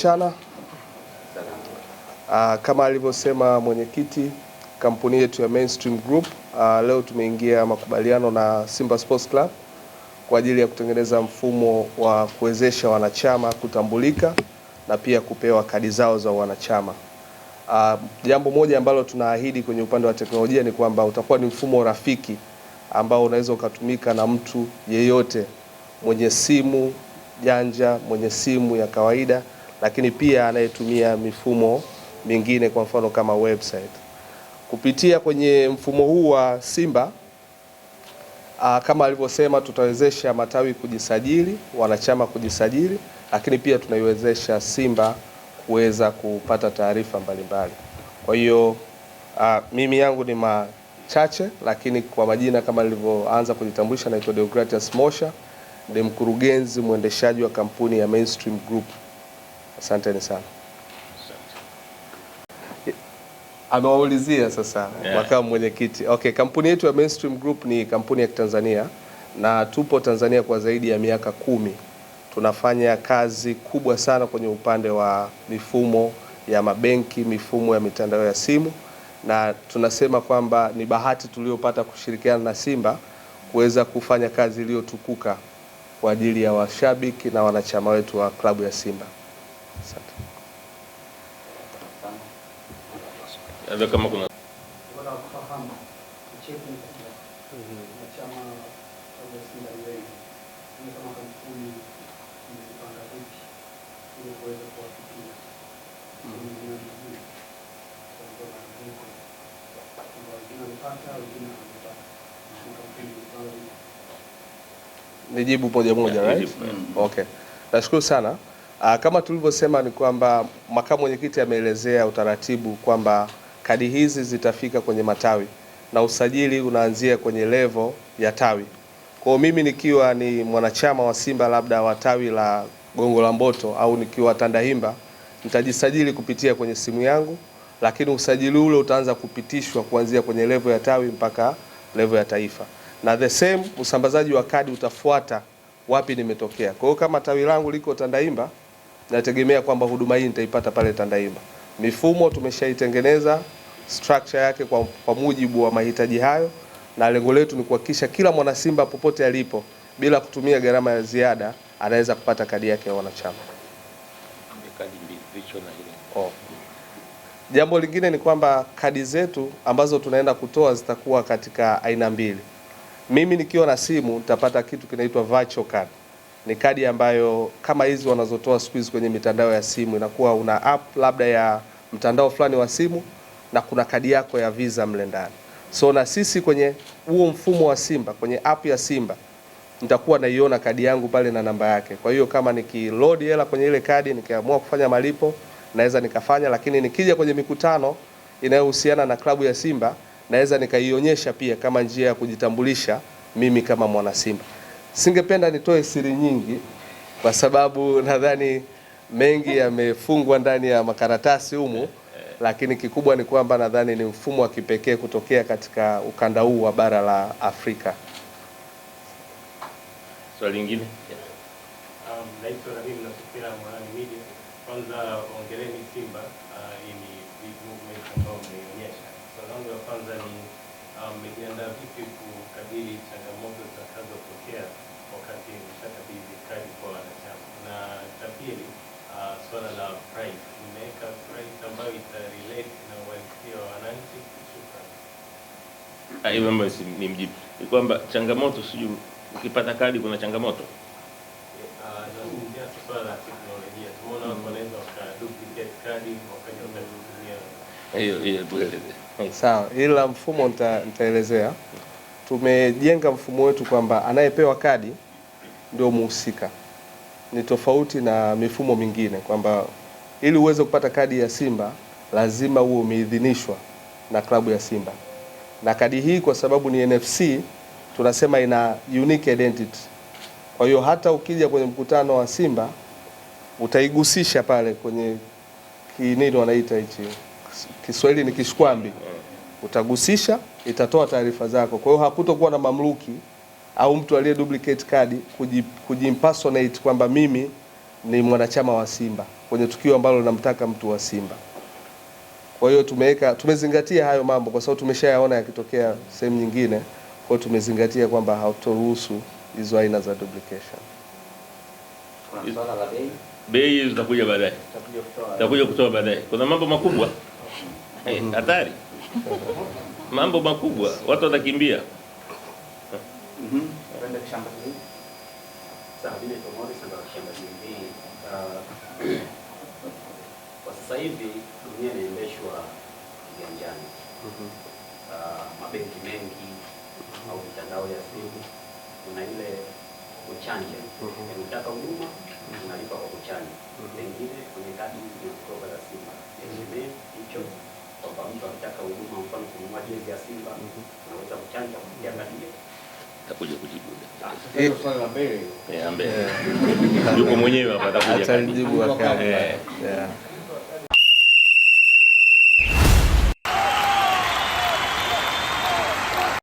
mchana. Uh, kama alivyosema mwenyekiti, kampuni yetu ya Mainstream Group uh, leo tumeingia makubaliano na Simba Sports Club kwa ajili ya kutengeneza mfumo wa kuwezesha wanachama kutambulika na pia kupewa kadi zao za wanachama. Uh, jambo moja ambalo tunaahidi kwenye upande wa teknolojia ni kwamba utakuwa ni mfumo rafiki ambao unaweza ukatumika na mtu yeyote mwenye simu janja, mwenye simu ya kawaida lakini pia anayetumia mifumo mingine, kwa mfano kama website. Kupitia kwenye mfumo huu wa Simba aa, ah, kama alivyosema, tutawezesha matawi kujisajili, wanachama kujisajili, lakini pia tunaiwezesha Simba kuweza kupata taarifa mbalimbali. Kwa hiyo ah, mimi yangu ni machache, lakini kwa majina kama nilivyoanza kujitambulisha, naitwa Deogratias Mosha, ni mkurugenzi mwendeshaji wa kampuni ya Mainstream Group. Asanteni sana. Amewaulizia sasa yeah. Makamu mwenyekiti. Okay, kampuni yetu ya Mainstream Group ni kampuni ya Kitanzania na tupo Tanzania kwa zaidi ya miaka kumi. Tunafanya kazi kubwa sana kwenye upande wa mifumo ya mabenki, mifumo ya mitandao ya simu, na tunasema kwamba ni bahati tuliyopata kushirikiana na Simba kuweza kufanya kazi iliyotukuka kwa ajili ya washabiki na wanachama wetu wa klabu ya Simba. labda kama kuna nijibu moja moja, right? Mm. Okay. Nashukuru sana. Ah, kama tulivyosema ni kwamba makamu mwenyekiti ameelezea utaratibu kwamba kadi hizi zitafika kwenye matawi na usajili unaanzia kwenye levo ya tawi. Kwa mimi nikiwa ni mwanachama wa Simba labda wa tawi la Gongo la Mboto au nikiwa Tandahimba nitajisajili kupitia kwenye simu yangu, lakini usajili ule utaanza kupitishwa kuanzia kwenye levo ya tawi mpaka levo ya taifa, na the same usambazaji wa kadi utafuata wapi nimetokea. Kwa hiyo kama tawi langu liko Tandahimba, nategemea kwamba huduma hii nitaipata pale Tandahimba. Mifumo tumeshaitengeneza structure yake kwa, kwa mujibu wa mahitaji hayo, na lengo letu ni kuhakikisha kila mwana Simba popote alipo bila kutumia gharama ya ziada anaweza kupata kadi yake ya wanachama. Oh. Jambo lingine ni kwamba kadi zetu ambazo tunaenda kutoa zitakuwa katika aina mbili. Mimi nikiwa na simu nitapata kitu kinaitwa virtual card ni kadi ambayo kama hizi wanazotoa siku hizi kwenye mitandao ya simu, inakuwa una app labda ya mtandao fulani wa simu na kuna kadi yako ya Visa mle ndani. So na sisi kwenye huo mfumo wa Simba, kwenye app ya Simba nitakuwa naiona kadi yangu pale na namba yake. Kwa hiyo kama nikiload hela kwenye ile kadi nikiamua kufanya malipo naweza nikafanya, lakini nikija kwenye mikutano inayohusiana na klabu ya Simba naweza nikaionyesha pia kama njia ya kujitambulisha mimi kama mwana Simba. Singependa nitoe siri nyingi kwa sababu nadhani mengi yamefungwa ndani ya makaratasi humu, lakini kikubwa ni kwamba nadhani ni mfumo wa kipekee kutokea katika ukanda huu wa bara la Afrika. Swali lingine um, kwanza ongeleni Simba uh, ni movement ambayo Swali langu la kwanza ni um, mmejiandaa vipi kukabili changamoto swala la price, nimeweka price ambayo ita relate na uhalisia wa wananchi. Shukrani. Ah, hiyo ambayo ni mjibu ni kwamba changamoto, sijui ukipata kadi kuna changamoto ah, sawa, ila mfumo nitaelezea. Tumejenga mfumo wetu kwamba anayepewa kadi ndio muhusika ni tofauti na mifumo mingine kwamba ili uweze kupata kadi ya Simba lazima uwe umeidhinishwa na klabu ya Simba, na kadi hii kwa sababu ni NFC tunasema ina unique identity. Kwa hiyo hata ukija kwenye mkutano wa Simba utaigusisha pale kwenye kinini wanaita hichi Kiswahili ni kishkwambi, utagusisha, itatoa taarifa zako. Kwa hiyo hakutokuwa na mamluki au mtu aliye duplicate kadi kuji kwamba mimi ni mwanachama wa Simba kwenye tukio ambalo namtaka mtu wa Simba. Kwa hiyo tumeweka tumezingatia hayo mambo kwa sababu tumeshayaona yakitokea sehemu nyingine. Kwa hiyo tumezingatia kwamba hautoruhusu hizo aina za duplication. bei. zitakuja baadaye. Zitakuja kutoa baadaye. Kuna mambo makubwa. Eh, hatari. mambo makubwa, watu watakimbia. Mhm. Kwenda shamba hili. Sawa, vile pamoja shamba shamba hili. Uh, kwa sasa hivi dunia inaendeshwa kiganjani. Mhm. Mabenki mengi au mitandao ya simu kuna ile kuchanja. Mm-hmm. Yaani Unataka huduma mm-hmm. unalipa kwa kuchanja. Mm-hmm. Pengine kwenye kadi ya kutoka ya Simba. Ndio hicho kwamba mtu anataka huduma mfano kununua jezi ya Simba, unaweza kuchanja kupitia kadi hiyo atakuja kujibu eh. eh, mbele, eh. yuko mwenyewe hapa atakuja kujibu.